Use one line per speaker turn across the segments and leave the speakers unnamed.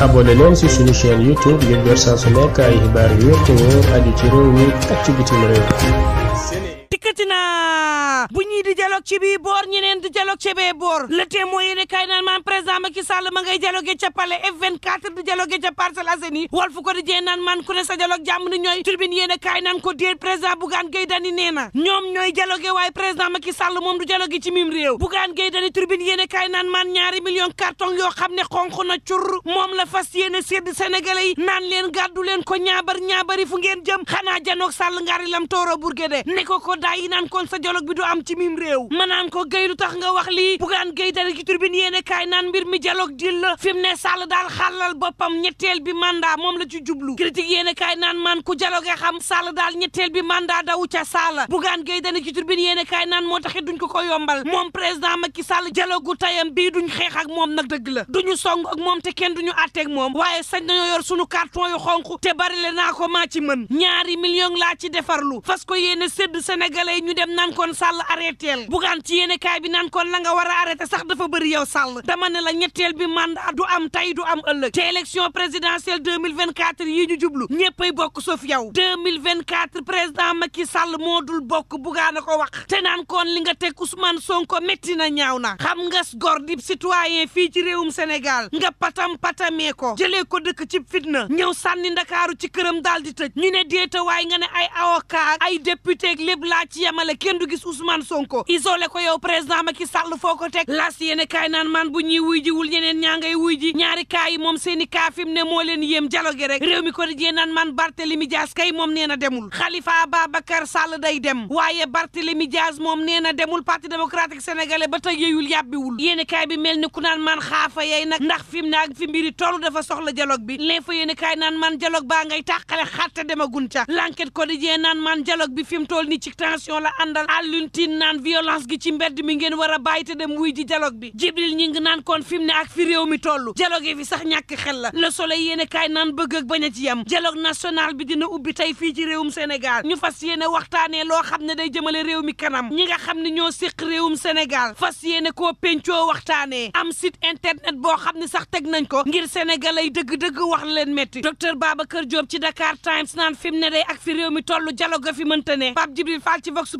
abonné leen ci suñu chaîne YouTube ngir jot su nekk ay xibaar yu wér te wóor aju ci réew mi ci bitim bu ñii di dialogue ci bii boor ñeneen di dialogue ci bee boor le témoin yéene kaay naan maan président Macky Sall ma ngay dialogue ca palais F24 di dialogue ca Parcelles Assainies Walf Quotidien naan maan ku ne sa dialogue jàmm ni ñooy Tribune yéene kaay naan ko déet président Bougane Gueye Dany nee na ñoom ñooy dialogue waaye président Macky Sall moom du dialogue ci mim réew Bougane Gueye Dany Tribune yéene kaay naan maan ñaari million carton yoo xam ne xonq na cur moom la fas yéene am ci mim réew ma naan ko gay lu tax nga wax lii bugaan gay dara ci turbine yéene kaay naan mbir mi dialogue dil la fi mu ne sàll daal xàllal boppam ñetteel bi mandat moom la ci jublu critique yéene kaay naan man ku dialogue xam sàll daal ñetteel bi mandat daw ca sàll bugaan gay dara ci turbine yéene kaay naan moo taxit duñ ko ko yombal moom président Macky Sall dialogue gu tayam bii duñ xeex ak moom nag dëgg la duñu song ak moom te kenn duñu àtteeg moom waaye sañ nañoo yor sunu carton yu xonq te bari le naa ko maa ci mën ñaari million laa ci defarlu fas ko yéene sédd sénégalais ñu dem naan Sall arrêteel bugaan ci yéene kaay bi naan la nga war a sax dafa bëri yow Sall dama ne la ñetteel bi mandat du am tey du am ëllëg te élection présidentielle 2024 yi ñu jublu ñëppay bokk sauf yow 2024 président Macky Sall moo dul bokk bugaan a ko wax te naan koon li nga teg Ousmane Sonko métti na ñaaw na xam nga gor dib citoyen fii ci réewum Sénégal nga patam patamee ko jëlee ko dëkk ci fitna ñëw sànni ndakaaru ci këram daal di tëj ñi ne déeta waaye nga ne ay avocat ay député lépp laa ci yamale kenn du man Sonko isolé ko yow président Macky Sall foo ko teg las yene kaay naan man bu ñuy wuy jiwul ñeneen ñaa ngay wuy ji ñaari kaay yi moom seen i kaa fi mu ne moo leen yéem jalo rek réew mi ko di jee naan man Barthélémy Dias kay moom nee na demul Khalifa Babacar Sall day dem waaye Barthélémy Dias moom nee na demul parti démocratique sénégalais ba tey yeyul yàbbiwul yéene kaay bi mel ni ku naan man xaafa yey nag ndax fi mu ne fi mbiri tollu dafa soxla dialogue bi l'info yéene kaay naan man dialogue baa ngay tàqale xatte demagun ca l'enquête ko di jee man dialogue bi fi mu toll ni ci tension la àndal tin naan violence gi ci mbedd mi ngeen war bàyyi te dem wuy ji dialogue bi jibril ñi ngi naan koon fi mu ne ak fi réew mi toll dialogue fi sax ñàkk xel la le soleil yéen a kaay naan bëgg ak bañ a ci yem dialogue national bi dina ubbi tey fii ci réewum Sénégal ñu fas yéene waxtaanee loo xam ne day jëmale réew mi kanam ñi nga xam ne ñoo séq réewum senegal fas yéene koo pencoo waxtaane am sit internet boo xam ne sax teg nañ ko ngir senegal sénégalais dëgg-dëgg wax leen métti docteur kër Diop ci Dakar Times naan fi mu ne day ak fi réew mi toll dialogue fi mënta ne Pape Djibril Fall ci Vox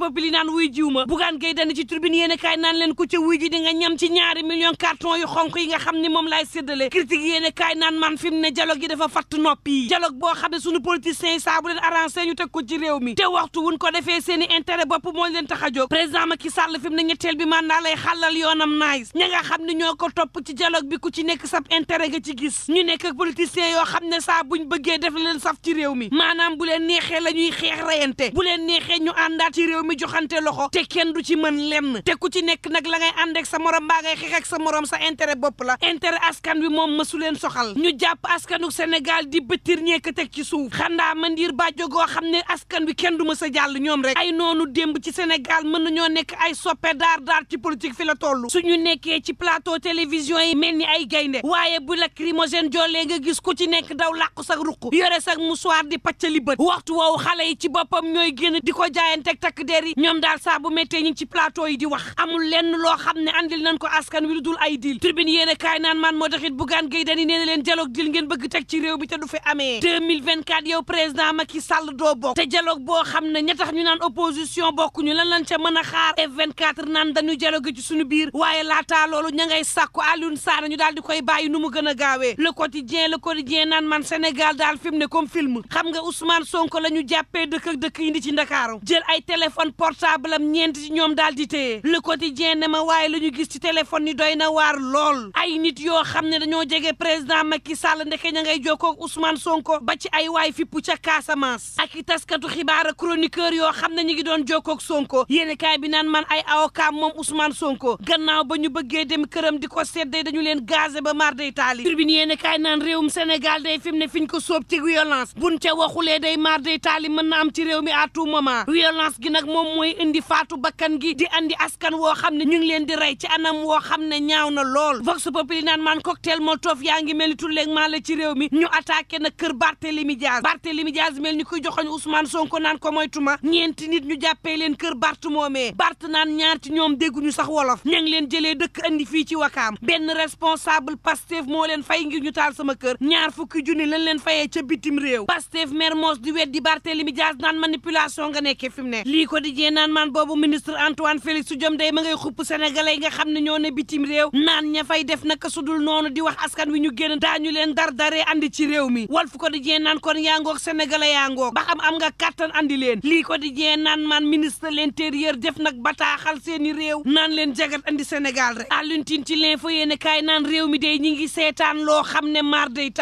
wuyuma bugaan gay dana ci tribune yéene kaay naan leen ku ca wuy ji di nga ñam ci ñaari million carton yu xonk nga xam ni moom laay séddale critique yéene kaay naan man fi mu ne dialogue yi dafa fatt noppi dialogue boo xam ne suñu politiciens yi saa bu leen arrangé ñu teg ko ci réew mi te waxtu wuñ ko defee seeni intérêt bopp moo leen tax a jóg président ki Sall fi mu ne ñetteel bi mandat lay xàllal yoonam naagis ñoo ko topp ci bi ku ci nekk sab intérêt nga ci gis ñu nekk ak politiciens yoo xam ne saa buñ bëggee def leen saf ci réew mi maanaam bu leen neexee la ñuy xeex reyante bu leen neexee ñu àndaat ci réew mi joxante loxo te kenn du ci mën lenn te ku ci nekk nag la ngay ànd sa morom mbaa ngay sa morom sa intérêt bopp la intérêt askan wi moom mësu leen soxal ñu jàpp askanu senegal di bëttir ñeek teg ci suuf xandaa mandiir bàjjo goo xam ne askan wi kenn du ma sa jàll ñoom rek ay noonu démb ci Sénégal mën nañoo nekk ay soppe daar daar ci politique fi la toll ñu nekkee ci plateau télévision yi mel ni ay gaynde waaye bu la lacrymogène joolee nga gis ku ci nekk daw làqu sax ruq yore sax musuwaar di pàccali bët waxtu woowu xale yi ci boppam ñooy génn di ko jaayante ak yi ñoom bu méttee ñi ngi ci plateau yi di wax amul lenn loo xam ne andil nañ ko askan wi du dul ay dil tribune yéen a naan man moo taxit Bougane Gueye Dany nee na leen dialogue dil ngeen bëgg teg ci réew mi te du fi amee 2024 yow président Macky Sall doo bokk te dialogue boo xam ne ña tax ñu naan opposition bokkuñu lan lan ce mën a xaar F24 naan dañu dialogue ci suñu biir waaye laataa loolu ña ngay sàkku Alioune Sarr ñu daal di koy bàyyi nu mu gën a gaawee le quotidien le quotidien naan man Sénégal daal fi mu ne comme film xam nga Ousmane Sonko la ñu jàppee dëkk dëkk indi ci Ndakaaru jël ay téléphone portable am ñeent ci ñoom daal di téye le quotidien ne ma waaye la ñu gis ci téléphone yi doy na waar lool ay nit yoo xam ne dañoo jege président Macky Sall ndeke ña ngay jokkoo ak Ousmane Sonko ba ci ay waay fippu ca Casamance ak i taskatu xibaar ak chroniqueur yoo xam ne ñu ngi doon jokkoo Sonko yéen kaay bi naan man ay avocat moom Ousmane Sonko gannaaw ba ñu bëggee dem këram di ko seddee dañu leen gazé ba mar day taali turbine yéen kaay naan réewum Sénégal day fi mu ne fi ñu ko sóob ci violence buñ ca waxulee day mar taali mën na am ci réew mi à tout moment violence gi nag moom mooy indi faatu bakkan gi di andi askan woo xam ne ñu ngi leen di rey ci anam woo xam ne ñaaw na lool vox populi naan maan cocktail molotov yaa ngi mel ni tulleeg maa la ci réew mi ñu attaqué na kër Barthélémy Diaz Barthélémy Diaz mel ni kuy joxoñ Ousmane Sonko naan ko moytuma ñeenti nit ñu jàppee leen kër Bart moomee Bart naan ñaar ci ñoom dégguñu sax wolof ña ngi leen jëlee dëkk andi fii ci wakaam benn responsable Pastef moo leen fay ngir ñu taal sama kër ñaar fukki junni lañ leen fayee ca bitim réew Pastef Mermoz di weddi Barthélémy Diaz naan manipulation nga nekkee fi mu ne lii ko di jee naan ministre Antoine Félix Diome day ma ngay xupp sénégalais yi nga xam ne ñoo ne bitim réew naan ña fay def naka sudul noonu di wax askan wi ñu génn daañu leen dar daree andi ci réew mi Walf Quotidien naan kon yaa ngoog sénégalais yaa ngoog ba xam am nga kàttan andi leen lii jee naan man ministre l'intérieur def nag bataaxal seeni réew naan leen jagat andi Sénégal rek Alioune ci ci fo yéene kaay naan réew mi day ñi ngi seetaan loo xam ne maar day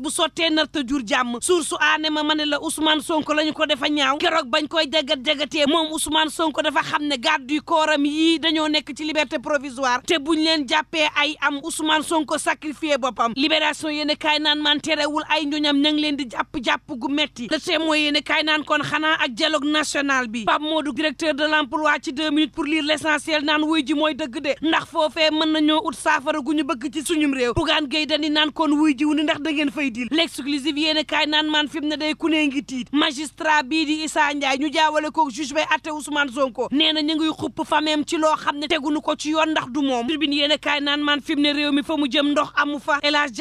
bu sottee nar jur jàmm suur su aane ma ma ne la Ousmane Sonko lañu ko defa ñaaw keroog bañ koy jagat jagatee moom Ousmane Sonko dafa xam ne garde du corps am yii dañoo nekk ci liberté provisoire te buñ leen jàppee ay am Ousmane Sonko sacrifié boppam libération yéen kaay naan man terewul ay ñoñam ña ngi leen di jàpp-jàpp gu metti le témoin yéen a kaay naan kon xanaa ak dialogue national bi moo Modou directeur de l'emploi ci deux minutes pour lire l'essentiel naan wuy ji mooy dëgg de ndax foofee mën nañoo ut saafara gu ñu bëgg ci suñum réew Bougane Gueye Dany naan kon wuy ji wu ndax da ngeen fay dil l'exclusive yéen a kaay naan man fi ngi tiit magistrat bii di Issa ñu jaawale ko juge bay atte Ousmane Sonko Sonko nee na ñu ngi xupp fameem ci loo xam ne tegunu ko ci yoon ndax du moom tribune yéen a naan maan fi réew mi fa mu jëm ndox amu fa El Hadj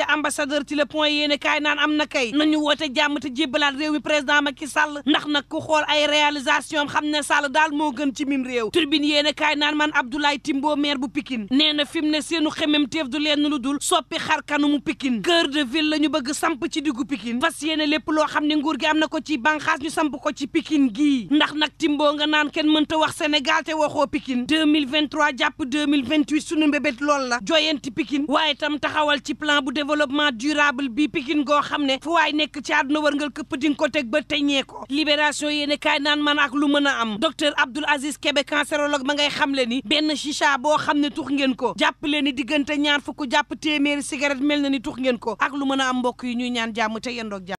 Dia ci le point yéen a naan am na kay nañu woote jàmm te jébbalaat réew mi président Macky Sall ndax nag ku xool ay réalisation xam ne Sall daal moo gën ci mim réew tribune yéen a kaay naan maan Abdoulaye Timbo maire bu Pikine nee na seenu xemem teef du leen lu dul soppi xar kanamu Pikine cœur de ville la ñu bëgg samp ci diggu Pikine fas yéene lépp loo xam ne nguur gi am na ko ci banqaas ñu samp waxo Sénégal te waxoo Pikine 2023 jàpp 2028 sunu mbébét lool la joyanti Pikine waaye tam taxawal ci plan bu développement durable bi Pikine goo xam ne fu waay nekk ci àdduna wërngal këpp di nga ko teg ba te ñee ko libération yéene kaay naan man ak lu mën a am docteur Abdoul Aziz Kébé cancérologue ma ngay xam le ni benn chicha boo xam ne tux ngeen ko jàpp leen ni diggante ñaar fukk jàpp téeméeri cigarette mel na ni tux ngeen ko ak lu mën a mbokk yi ñuy ñaan jàmm te yendoog